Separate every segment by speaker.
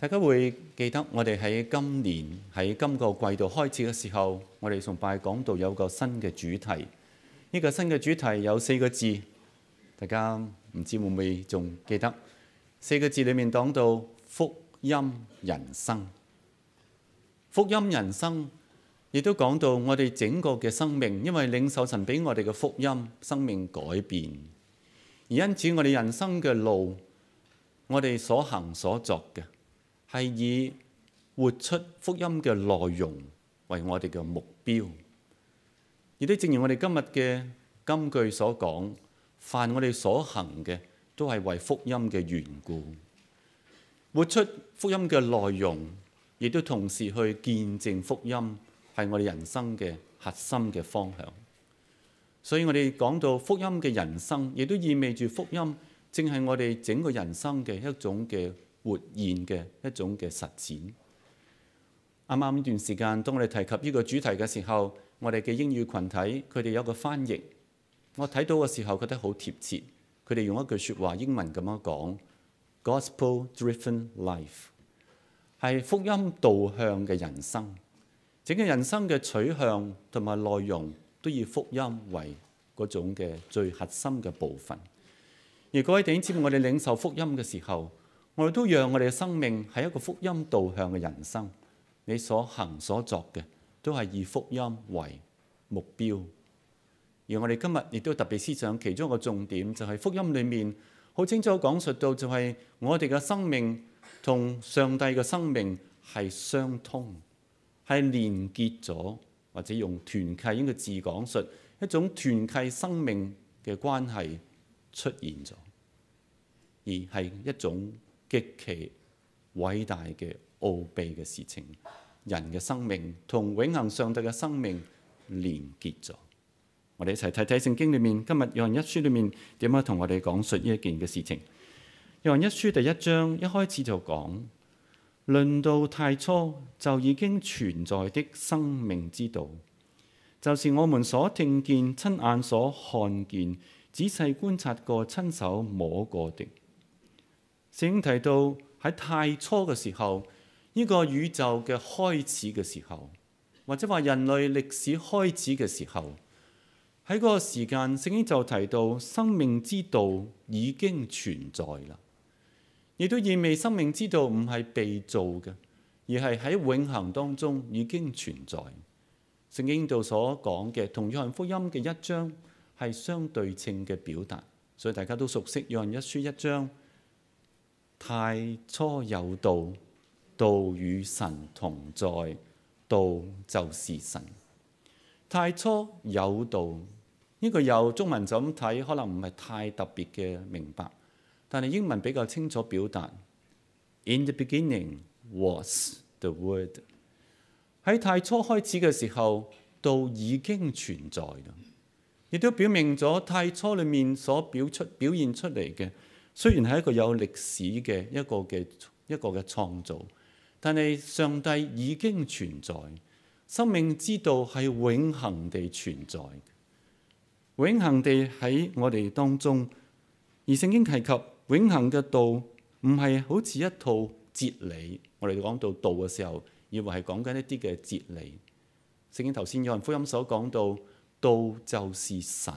Speaker 1: 大家會記得我哋喺今年喺今個季度開始嘅時候，我哋崇拜講到有個新嘅主題。呢、這個新嘅主題有四個字，大家唔知會唔會仲記得？四個字裡面講到福音人生。福音人生亦都講到我哋整個嘅生命，因為領受神俾我哋嘅福音，生命改變。而因此，我哋人生嘅路，我哋所行所作嘅。係以活出福音嘅內容為我哋嘅目標，亦都正如我哋今日嘅金句所講，凡我哋所行嘅都係為福音嘅緣故，活出福音嘅內容，亦都同時去見證福音係我哋人生嘅核心嘅方向。所以我哋講到福音嘅人生，亦都意味住福音正係我哋整個人生嘅一種嘅。活現嘅一種嘅實踐。啱啱呢段時間，當我哋提及呢個主題嘅時候，我哋嘅英語群體佢哋有個翻譯，我睇到嘅時候覺得好貼切。佢哋用一句説話英文咁樣講：Gospel-driven life 係福音導向嘅人生，整個人生嘅取向同埋內容都以福音為嗰種嘅最核心嘅部分。而各位弟兄姊妹，我哋領受福音嘅時候。我哋都讓我哋嘅生命係一個福音導向嘅人生，你所行所作嘅都係以福音為目標。而我哋今日亦都特別思想其中一個重點，就係福音裏面好清楚講述到，就係我哋嘅生命同上帝嘅生命係相通，係連結咗，或者用團契呢個字講述一種團契生命嘅關係出現咗，而係一種極其偉大嘅奧秘嘅事情，人嘅生命同永恆上帝嘅生命連結咗。我哋一齊睇睇聖經裏面，今日約翰一書裏面點樣同我哋講述呢一件嘅事情。約翰一書第一章一開始就講，論到太初就已經存在的生命之道，就是我們所聽見、親眼所看見、仔細觀察過、親手摸過的。聖經提到喺太初嘅時候，呢、這個宇宙嘅開始嘅時候，或者話人類歷史開始嘅時候，喺嗰個時間，聖經就提到生命之道已經存在啦。亦都意味生命之道唔係被造嘅，而係喺永恆當中已經存在。聖經度所講嘅同《約翰福音》嘅一章係相對稱嘅表達，所以大家都熟悉《約翰一書》一章。太初有道，道與神同在，道就是神。太初有道，呢個由中文就咁睇，可能唔係太特別嘅明白，但係英文比較清楚表達。In the beginning was the word。喺太初開始嘅時候，道已經存在啦。亦都表明咗太初裡面所表出、表現出嚟嘅。雖然係一個有歷史嘅一個嘅一個嘅創造，但係上帝已經存在，生命之道係永恆地存在，永恆地喺我哋當中。而聖經提及永恆嘅道，唔係好似一套哲理。我哋講到道嘅時候，以為係講緊一啲嘅哲理。聖經頭先約翰福音所講到，道就是神，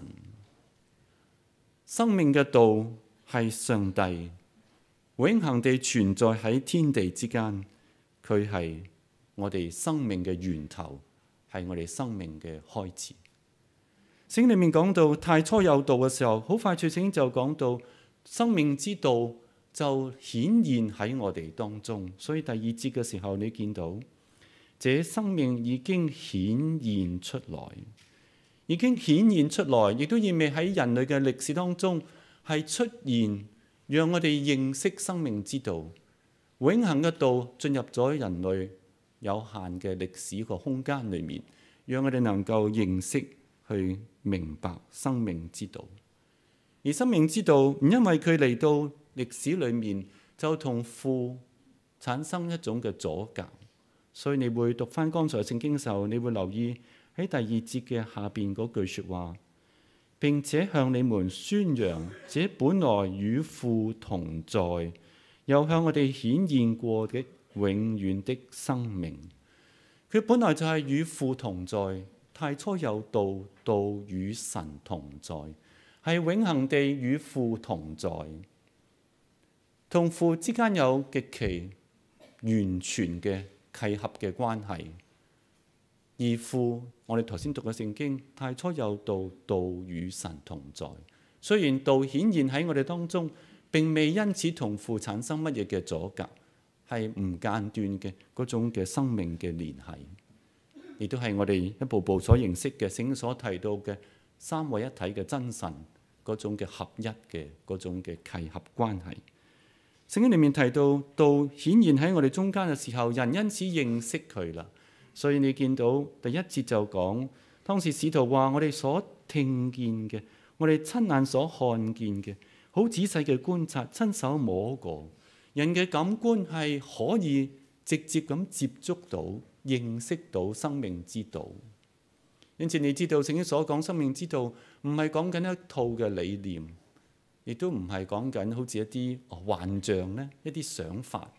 Speaker 1: 生命嘅道。係上帝永恆地存在喺天地之間，佢係我哋生命嘅源頭，係我哋生命嘅開始。聖經裏面講到太初有道嘅時候，好快聖經就講到生命之道就顯現喺我哋當中。所以第二節嘅時候，你見到這生命已經顯現出來，已經顯現出來，亦都意味喺人類嘅歷史當中，係出現，讓我哋認識生命之道。永恆嘅道進入咗人類有限嘅歷史個空間裏面，讓我哋能夠認識、去明白生命之道。而生命之道唔因為佢嚟到歷史裏面就同父產生一種嘅阻隔，所以你會讀返剛才嘅聖經時候，你會留意喺第二節嘅下邊嗰句説話。並且向你們宣揚，這本來與父同在，又向我哋顯現過嘅永遠的生命。佢本來就係與父同在，太初有道，道與神同在，係永恆地與父同在，同父之間有極其完全嘅契合嘅關係。而父，我哋頭先讀嘅聖經，太初有道，道與神同在。雖然道顯現喺我哋當中，並未因此同父產生乜嘢嘅阻隔，係唔間斷嘅嗰種嘅生命嘅聯繫，亦都係我哋一步步所認識嘅聖經所提到嘅三位一體嘅真神，嗰種嘅合一嘅嗰種嘅契合關係。聖經裏面提到，道顯現喺我哋中間嘅時候，人因此認識佢啦。所以你見到第一節就講當時使徒話：我哋所聽見嘅，我哋親眼所看見嘅，好仔細嘅觀察，親手摸過人嘅感官係可以直接咁接觸到認識到生命之道。因此你知道聖經所講生命之道唔係講緊一套嘅理念，亦都唔係講緊好似一啲幻象咧一啲想法，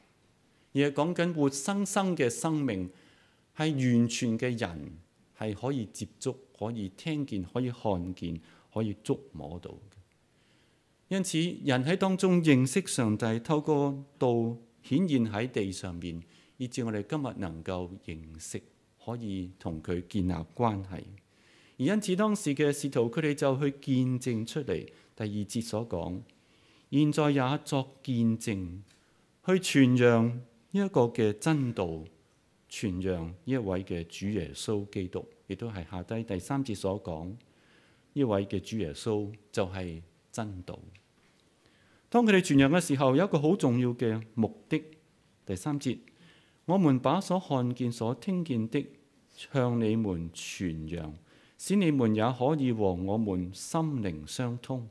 Speaker 1: 而係講緊活生生嘅生命。係完全嘅人，係可以接觸、可以聽見、可以看見、可以觸摸到。因此，人喺當中認識上帝，透過道顯現喺地上面，以至我哋今日能夠認識，可以同佢建立關係。而因此當時嘅使徒，佢哋就去見證出嚟。第二節所講，現在也作見證，去傳揚呢一個嘅真道。傳揚呢一位嘅主耶穌基督，亦都係下低第三節所講，呢位嘅主耶穌就係真道。當佢哋傳揚嘅時候，有一個好重要嘅目的。第三節，我們把所看見、所聽見的向你們傳揚，使你們也可以和我們心靈相通。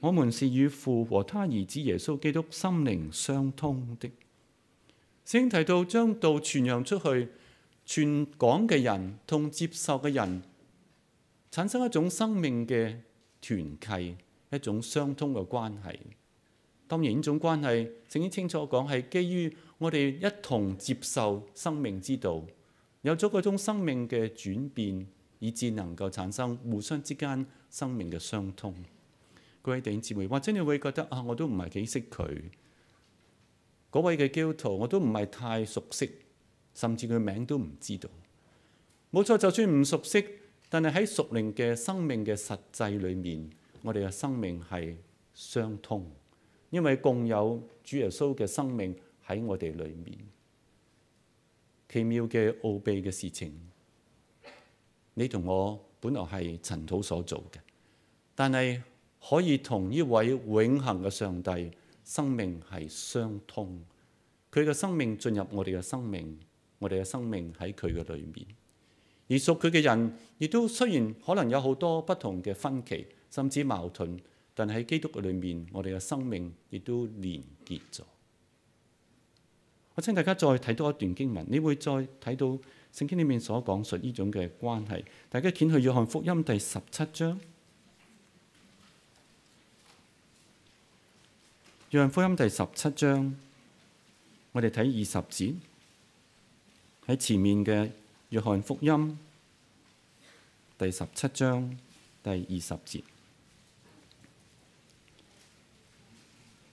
Speaker 1: 我們是與父和他兒子耶穌基督心靈相通的。聖經提到將道傳揚出去，傳講嘅人同接受嘅人產生一種生命嘅團契，一種相通嘅關係。當然呢種關係，聖經清楚講係基於我哋一同接受生命之道，有咗嗰種生命嘅轉變，以致能夠產生互相之間生命嘅相通。各位弟兄姊妹，或者你會覺得啊，我都唔係幾識佢。嗰位嘅基督徒我都唔係太熟悉，甚至佢名都唔知道。冇錯，就算唔熟悉，但係喺屬靈嘅生命嘅實際裏面，我哋嘅生命係相通，因為共有主耶穌嘅生命喺我哋裏面。奇妙嘅奧秘嘅事情，你同我本來係塵土所做嘅，但係可以同呢位永恆嘅上帝，生命係相通，佢嘅生命進入我哋嘅生命，我哋嘅生命喺佢嘅裏面。而屬佢嘅人，亦都雖然可能有好多不同嘅分歧，甚至矛盾，但喺基督嘅裏面，我哋嘅生命亦都連結咗。我請大家再睇多一段經文，你會再睇到聖經裏面所講述呢種嘅關係。大家掀去《約翰福音》第十七章。《約翰福,福音》第十七章，我哋睇二十節，喺前面嘅《約翰福音》第十七章第二十節。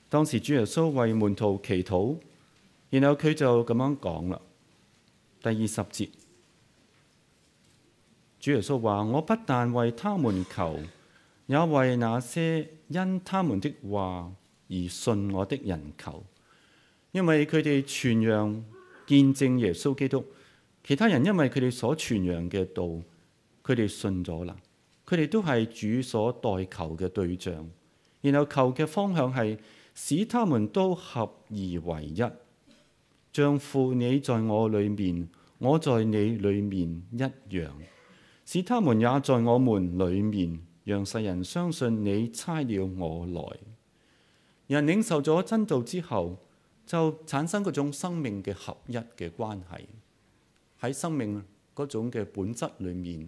Speaker 1: 當時主耶穌為門徒祈禱，然後佢就咁樣講啦。第二十節，主耶穌話：我不但為他們求，也為那些因他們的話。而信我的人求，因為佢哋傳揚見證耶穌基督，其他人因為佢哋所傳揚嘅道，佢哋信咗啦。佢哋都係主所代求嘅對象，然後求嘅方向係使他們都合而為一，像父你在我裏面，我在你裏面一樣，使他們也在我們裏面，讓世人相信你差了我來。人領受咗真道之後，就產生嗰種生命嘅合一嘅關係，喺生命嗰種嘅本質裏面，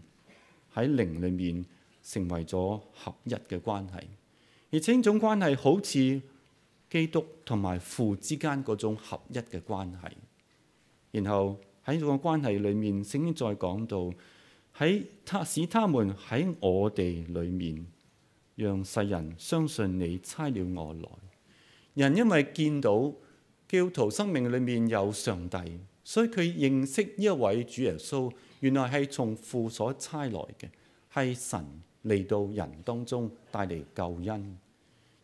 Speaker 1: 喺靈裏面成為咗合一嘅關係。而且呢種關係好似基督同埋父之間嗰種合一嘅關係。然後喺呢個關係裏面，聖經再講到喺他使他們喺我哋裏面，讓世人相信你差了我來。人因為見到教徒生命裏面有上帝，所以佢認識呢一位主耶穌，原來係從父所差來嘅，係神嚟到人當中帶嚟救恩。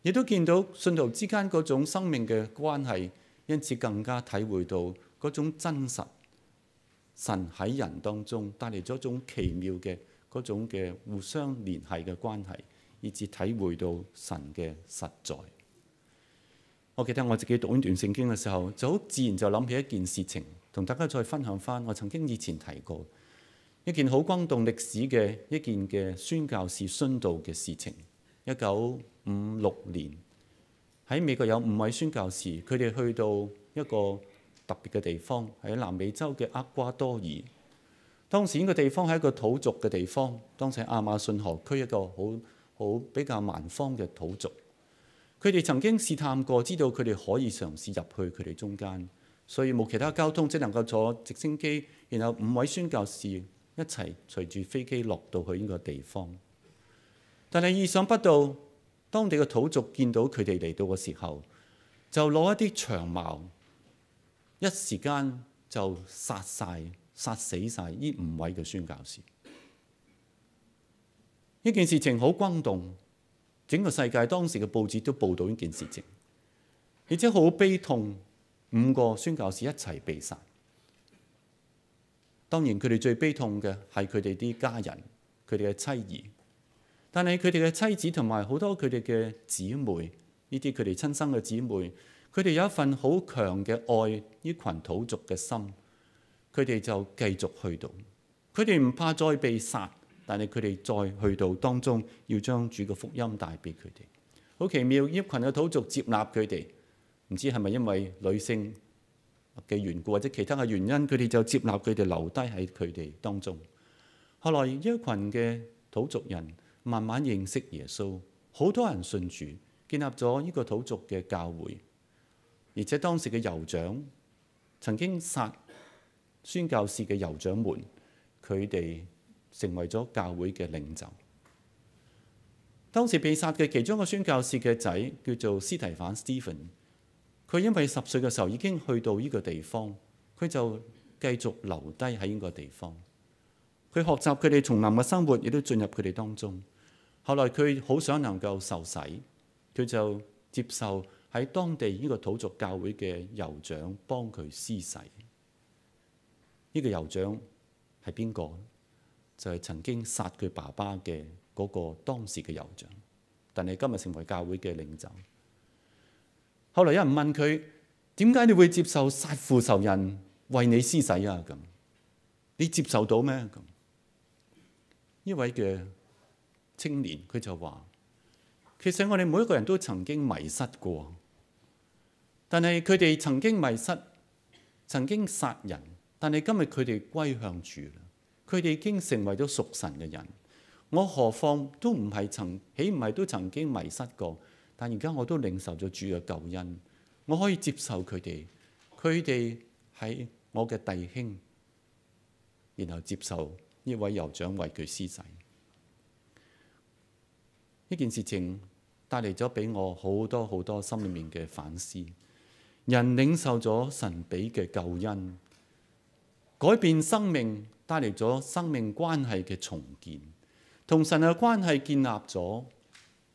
Speaker 1: 亦都見到信徒之間嗰種生命嘅關係，因此更加體會到嗰種真實，神喺人當中帶嚟咗一種奇妙嘅嗰種嘅互相聯繫嘅關係，以至體會到神嘅實在。我記得我自己讀完段聖經嘅時候，就好自然就諗起一件事情，同大家再分享返。我曾經以前提過一件好轟動歷史嘅一件嘅宣教士殉道嘅事情。一九五六年喺美國有五位宣教士，佢哋去到一個特別嘅地方，喺南美洲嘅厄瓜多爾。當時呢個地方係一個土族嘅地方，當時係亞馬遜河區一個好好比較蠻荒嘅土族。佢哋曾經試探過，知道佢哋可以嘗試入去佢哋中間，所以冇其他交通，只能夠坐直升機。然後五位宣教士一齊隨住飛機落到去呢個地方。但係意想不到，當地嘅土族見到佢哋嚟到嘅時候，就攞一啲長矛，一時間就殺晒、殺死晒呢五位嘅宣教士。呢件事情好轟動。整個世界當時嘅報紙都報道呢件事情，而且好悲痛，五個宣教士一齊被殺。當然佢哋最悲痛嘅係佢哋啲家人，佢哋嘅妻兒。但係佢哋嘅妻子同埋好多佢哋嘅姊妹，呢啲佢哋親生嘅姊妹，佢哋有一份好強嘅愛呢群土族嘅心，佢哋就繼續去到，佢哋唔怕再被殺。但係佢哋再去到當中，要將主嘅福音帶俾佢哋，好奇妙！呢群嘅土族接納佢哋，唔知係咪因為女性嘅緣故或者其他嘅原因，佢哋就接納佢哋留低喺佢哋當中。後來呢群嘅土族人慢慢認識耶穌，好多人信主，建立咗呢個土族嘅教會，而且當時嘅酋長曾經殺宣教士嘅酋長們，佢哋，成為咗教會嘅領袖。當時被殺嘅其中一個宣教師嘅仔叫做斯提反 s t h e n，佢因為十歲嘅時候已經去到呢個地方，佢就繼續留低喺呢個地方。佢學習佢哋叢林嘅生活，亦都進入佢哋當中。後來佢好想能夠受洗，佢就接受喺當地呢個土族教會嘅酋長幫佢施洗。這個、呢個酋長係邊個？就係曾經殺佢爸爸嘅嗰個當時嘅酋長，但係今日成為教會嘅領袖。後嚟有人問佢：點解你會接受殺父仇人為你施洗啊？咁你接受到咩？咁呢位嘅青年佢就話：其實我哋每一個人都曾經迷失過，但係佢哋曾經迷失，曾經殺人，但係今日佢哋歸向主。」佢哋已經成為咗屬神嘅人。我何況都唔係曾，豈唔係都曾經迷失過？但而家我都領受咗主嘅救恩，我可以接受佢哋，佢哋係我嘅弟兄，然後接受呢位酋長為佢施洗。呢件事情帶嚟咗俾我好多好多心裏面嘅反思。人領受咗神俾嘅救恩，改變生命。帶嚟咗生命關係嘅重建，同神嘅關係建立咗，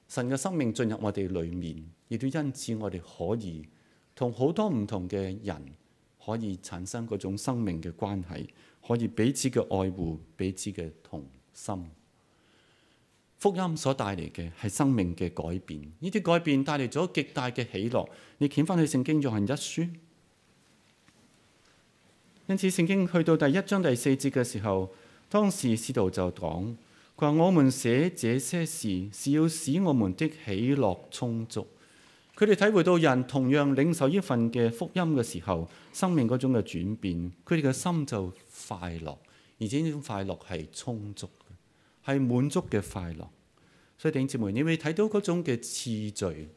Speaker 1: 神嘅生命進入我哋裏面，亦都因此我哋可以同好多唔同嘅人可以產生嗰種生命嘅關係，可以彼此嘅愛護，彼此嘅同心。福音所帶嚟嘅係生命嘅改變，呢啲改變帶嚟咗極大嘅喜樂。你揀翻去聖經約翰一書。因此，聖經去到第一章第四節嘅時候，當時使徒就講：佢話我們寫這些事，是要使我們的喜樂充足。佢哋體會到人同樣領受一份嘅福音嘅時候，生命嗰種嘅轉變，佢哋嘅心就快樂，而且呢種快樂係充足嘅，係滿足嘅快樂。所以弟兄姊你未睇到嗰種嘅次序，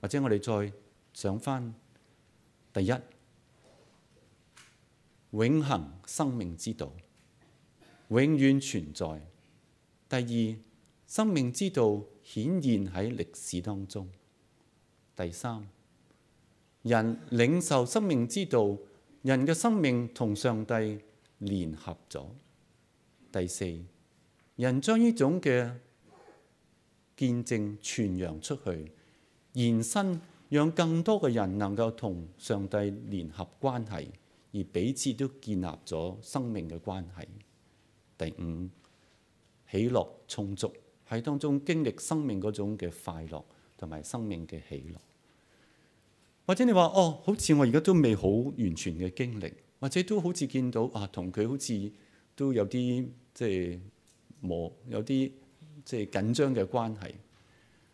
Speaker 1: 或者我哋再上翻第一。永恆生命之道，永遠存在。第二，生命之道顯現喺歷史當中。第三，人領受生命之道，人嘅生命同上帝聯合咗。第四，人將呢種嘅見證傳揚出去，延伸，讓更多嘅人能夠同上帝聯合關係。而彼此都建立咗生命嘅關係。第五，喜樂充足喺當中經歷生命嗰種嘅快樂，同埋生命嘅喜樂。或者你話哦，好似我而家都未好完全嘅經歷，或者都好似見到啊，同佢好似都有啲即係冇有啲即係緊張嘅關係。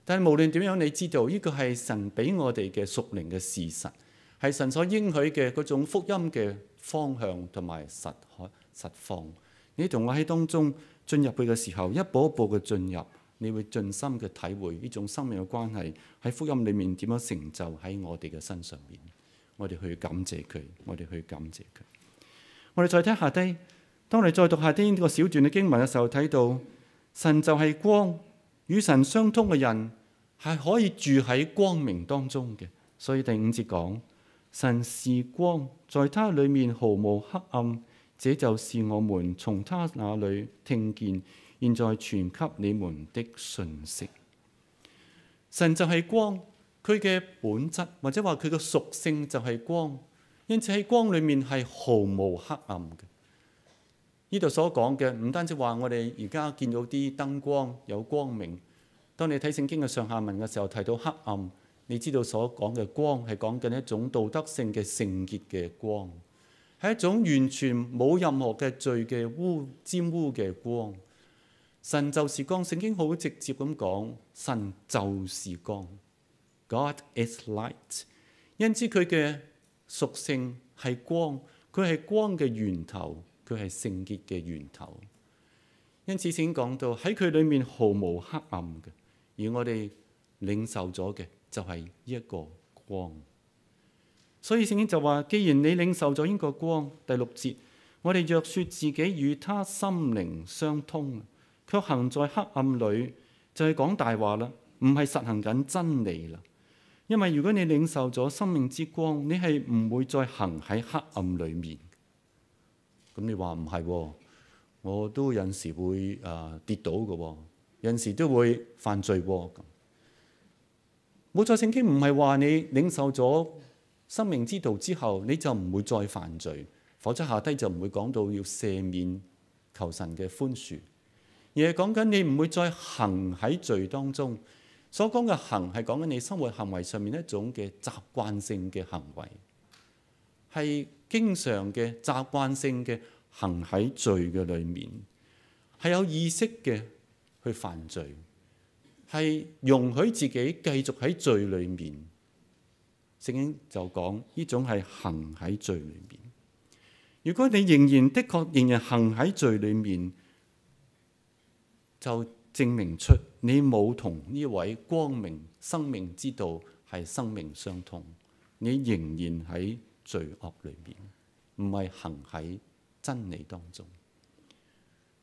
Speaker 1: 但係無論點樣，你知道呢個係神俾我哋嘅屬靈嘅事實。係神所應許嘅嗰種福音嘅方向同埋實可實況。你同我喺當中進入去嘅時候，一步一步嘅進入，你會盡心嘅體會呢種生命嘅關係喺福音裡面點樣成就喺我哋嘅身上面。我哋去感謝佢，我哋去感謝佢。嗯、我哋再睇下低，當你再讀下啲呢個小段嘅經文嘅時候，睇到神就係光，與神相通嘅人係可以住喺光明當中嘅。所以第五節講。神是光，在他裏面毫無黑暗。這就是我們從他那裏聽見，現在傳給你們的信息。神就係光，佢嘅本質或者話佢嘅屬性就係光，因此喺光裏面係毫無黑暗嘅。呢度所講嘅唔單止話我哋而家見到啲燈光有光明，當你睇聖經嘅上下文嘅時候，提到黑暗。你知道所講嘅光係講緊一種道德性嘅聖潔嘅光，係一種完全冇任何嘅罪嘅污沾污嘅光。神就是光，聖經好直接咁講，神就是光。God is light。因此佢嘅屬性係光，佢係光嘅源頭，佢係聖潔嘅源頭。因此聖經講到喺佢裡面毫無黑暗嘅，而我哋領受咗嘅。就係呢一個光，所以聖經就話，既然你領受咗呢個光，第六節，我哋若説自己與他心靈相通，卻行在黑暗裏，就係講大話啦，唔係實行緊真理啦。因為如果你領受咗生命之光，你係唔會再行喺黑暗裡面。咁、嗯、你話唔係，我都有時會誒、呃、跌倒嘅、哦，有時都會犯罪、哦。冇錯，聖經唔係話你領受咗生命之道之後，你就唔會再犯罪，否則下低就唔會講到要赦免求神嘅寬恕，而係講緊你唔會再行喺罪當中。所講嘅行係講緊你生活行為上面一種嘅習慣性嘅行為，係經常嘅習慣性嘅行喺罪嘅裏面，係有意識嘅去犯罪。係容許自己繼續喺罪裏面，聖經就講，呢種係行喺罪裏面。如果你仍然的確仍然行喺罪裏面，就證明出你冇同呢位光明生命之道係生命相通。你仍然喺罪惡裏面，唔係行喺真理當中。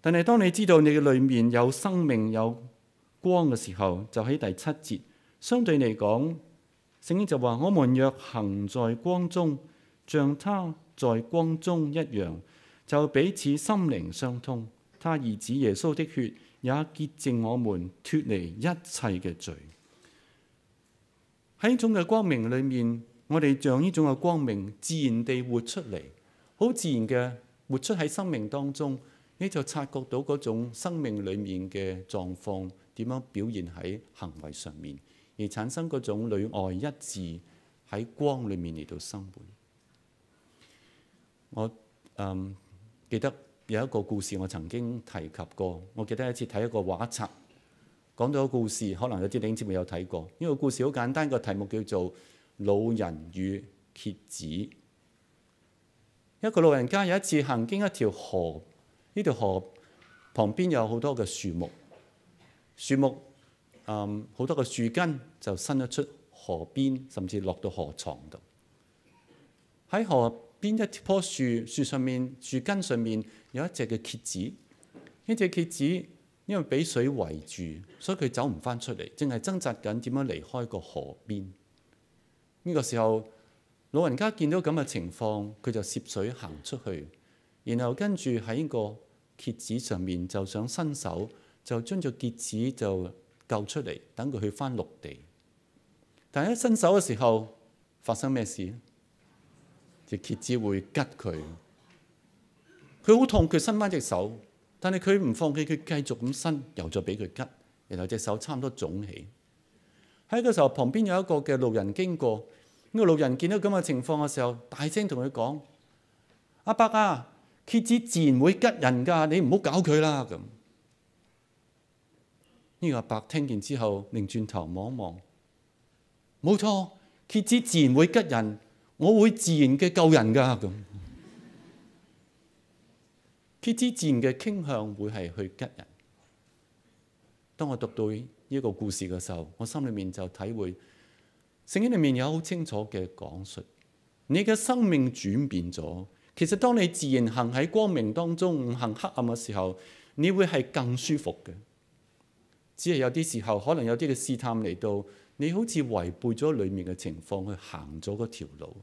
Speaker 1: 但係當你知道你嘅裏面有生命有。光嘅時候就喺第七節，相對嚟講，聖經就話：我們若行在光中，像他在光中一樣，就彼此心靈相通。他兒子耶穌的血也潔淨我們，脫離一切嘅罪。喺呢種嘅光明裏面，我哋像呢種嘅光明，自然地活出嚟，好自然嘅活出喺生命當中，你就察覺到嗰種生命裏面嘅狀況。點樣表現喺行為上面，而產生嗰種裏外一致喺光裏面嚟到生活。我誒、嗯、記得有一個故事，我曾經提及過。我記得一次睇一個畫冊，講到個故事，可能有啲領先未有睇過。呢個故事好簡單，個題目叫做《老人與蠍子》。一個老人家有一次行經一條河，呢條河旁邊有好多嘅樹木。樹木，嗯，好多個樹根就伸咗出河邊，甚至落到河床度。喺河邊一樖樹，樹上面樹根上面有一隻嘅蠍子。呢隻蠍子因為俾水圍住，所以佢走唔翻出嚟，淨係掙扎緊點樣離開個河邊。呢個時候，老人家見到咁嘅情況，佢就涉水行出去，然後跟住喺呢個蠍子上面就想伸手。就將隻蠍子就救出嚟，等佢去翻陸地。但係一伸手嘅時候，發生咩事咧？隻蠍子會拮佢，佢好痛，佢伸翻隻手。但係佢唔放棄，佢繼續咁伸，又再俾佢拮。然後隻手差唔多腫起。喺嗰時候，旁邊有一個嘅路人經過，呢個路人見到咁嘅情況嘅時候，大聲同佢講：阿伯啊，蠍子自然會拮人㗎，你唔好搞佢啦咁。呢個阿伯聽見之後，擰轉頭望一望，冇錯，蠍子自然會吉人，我會自然嘅救人㗎。蠍子自然嘅傾向會係去吉人。當我讀到呢一個故事嘅時候，我心裏面就體會，聖經裏面有好清楚嘅講述。你嘅生命轉變咗，其實當你自然行喺光明當中，行黑暗嘅時候，你會係更舒服嘅。只係有啲時候，可能有啲嘅試探嚟到，你好似違背咗裡面嘅情況去行咗嗰條路。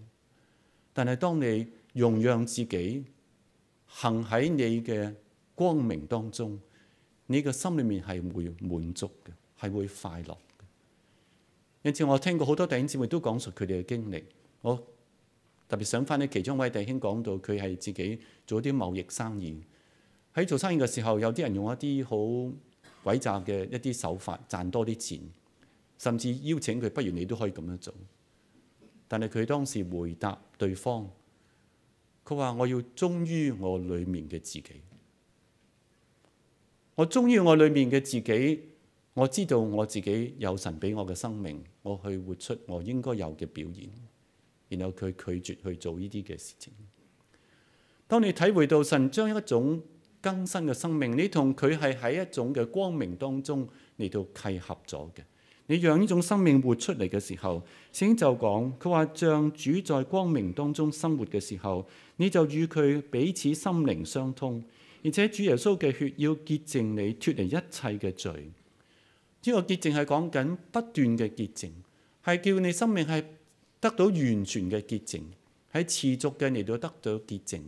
Speaker 1: 但係當你容讓自己行喺你嘅光明當中，你嘅心裏面係會滿足嘅，係會快樂嘅。因此我聽過好多弟兄姊妹都講述佢哋嘅經歷。我特別想翻啲其中一位弟兄講到，佢係自己做啲貿易生意，喺做生意嘅時候，有啲人用一啲好詭詐嘅一啲手法賺多啲錢，甚至邀請佢，不如你都可以咁樣做。但係佢當時回答對方，佢話：我要忠於我裏面嘅自己。我忠於我裏面嘅自己，我知道我自己有神俾我嘅生命，我去活出我應該有嘅表現。然後佢拒絕去做呢啲嘅事情。當你體會到神將一種更新嘅生命，你同佢係喺一種嘅光明當中嚟到契合咗嘅。你讓呢種生命活出嚟嘅時候，聖經就講，佢話像主在光明當中生活嘅時候，你就與佢彼此心靈相通，而且主耶穌嘅血要潔淨你，脫離一切嘅罪。呢個潔淨係講緊不斷嘅潔淨，係叫你生命係得到完全嘅潔淨，係持續嘅嚟到得到潔淨，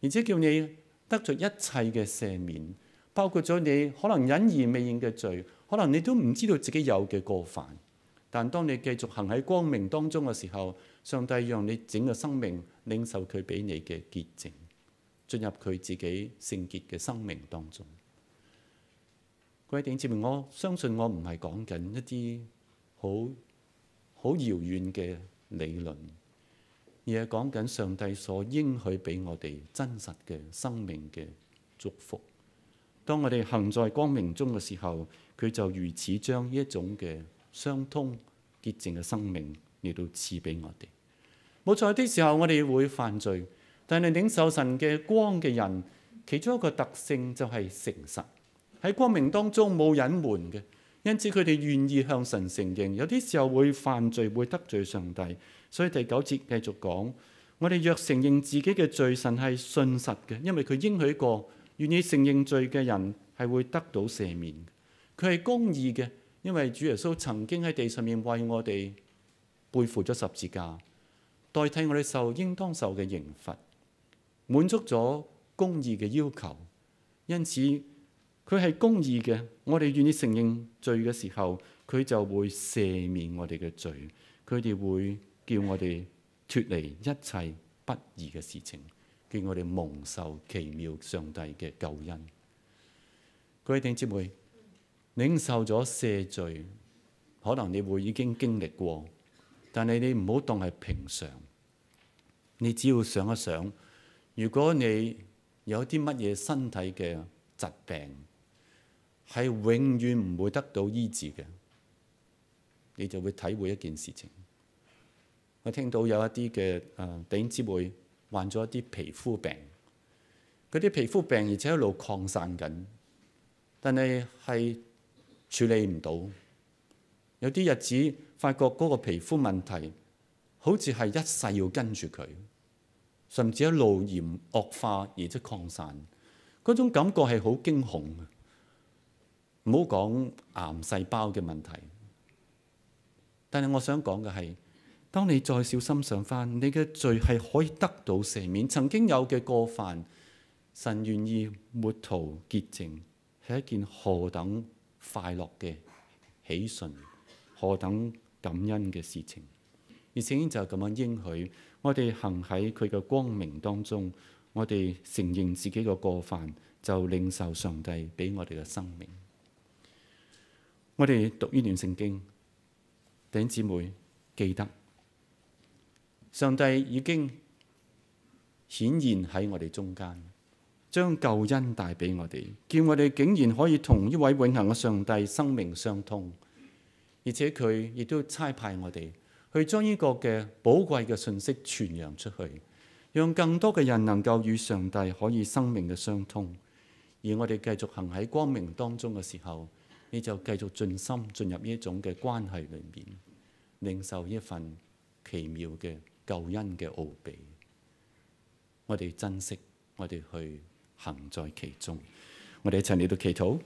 Speaker 1: 而且叫你得着一切嘅赦免，包括咗你可能隱而未現嘅罪，可能你都唔知道自己有嘅過犯。但當你繼續行喺光明當中嘅時候，上帝讓你整個生命領受佢俾你嘅潔淨，進入佢自己聖潔嘅生命當中。各位弟兄姊妹，我相信我唔係講緊一啲好好遙遠嘅理論。而係講緊上帝所應許俾我哋真實嘅生命嘅祝福。當我哋行在光明中嘅時候，佢就如此將一種嘅相通潔淨嘅生命嚟到賜俾我哋。冇錯，有啲時候我哋會犯罪，但係領受神嘅光嘅人，其中一個特性就係誠實。喺光明當中冇隱瞞嘅，因此佢哋願意向神承認。有啲時候會犯罪，會得罪上帝。所以第九節繼續講，我哋若承認自己嘅罪，神係信實嘅，因為佢應許過，願意承認罪嘅人係會得到赦免。佢係公義嘅，因為主耶穌曾經喺地上面為我哋背負咗十字架，代替我哋受應當受嘅刑罰，滿足咗公義嘅要求。因此佢係公義嘅，我哋願意承認罪嘅時候，佢就會赦免我哋嘅罪，佢哋會，叫我哋脫離一切不易嘅事情，叫我哋蒙受奇妙上帝嘅救恩。各位弟兄姊妹，領受咗赦罪，可能你會已經經歷過，但係你唔好當係平常。你只要想一想，如果你有啲乜嘢身體嘅疾病，係永遠唔會得到醫治嘅，你就會體會一件事情。我聽到有一啲嘅誒頂姊妹患咗一啲皮膚病，嗰啲皮膚病而且一路擴散緊，但係係處理唔到。有啲日子發覺嗰個皮膚問題好似係一世要跟住佢，甚至一路炎惡化而且擴散，嗰種感覺係好驚恐，唔好講癌細胞嘅問題，但係我想講嘅係。當你再小心想返，你嘅罪係可以得到赦免，曾經有嘅過犯，神願意抹塗潔淨，係一件何等快樂嘅喜訊，何等感恩嘅事情。而聖經就咁樣應許我哋行喺佢嘅光明當中，我哋承認自己嘅過犯，就領受上帝俾我哋嘅生命。我哋讀呢段聖經，弟兄姊妹記得。上帝已經顯現喺我哋中間，將救恩帶俾我哋，見我哋竟然可以同一位永恆嘅上帝生命相通，而且佢亦都差派我哋去將呢個嘅寶貴嘅信息傳揚出去，讓更多嘅人能夠與上帝可以生命嘅相通。而我哋繼續行喺光明當中嘅時候，你就繼續盡心進入呢一種嘅關係裏面，領受一份奇妙嘅救恩嘅奧秘，我哋珍惜，我哋去行在其中，我哋一齊嚟到祈禱。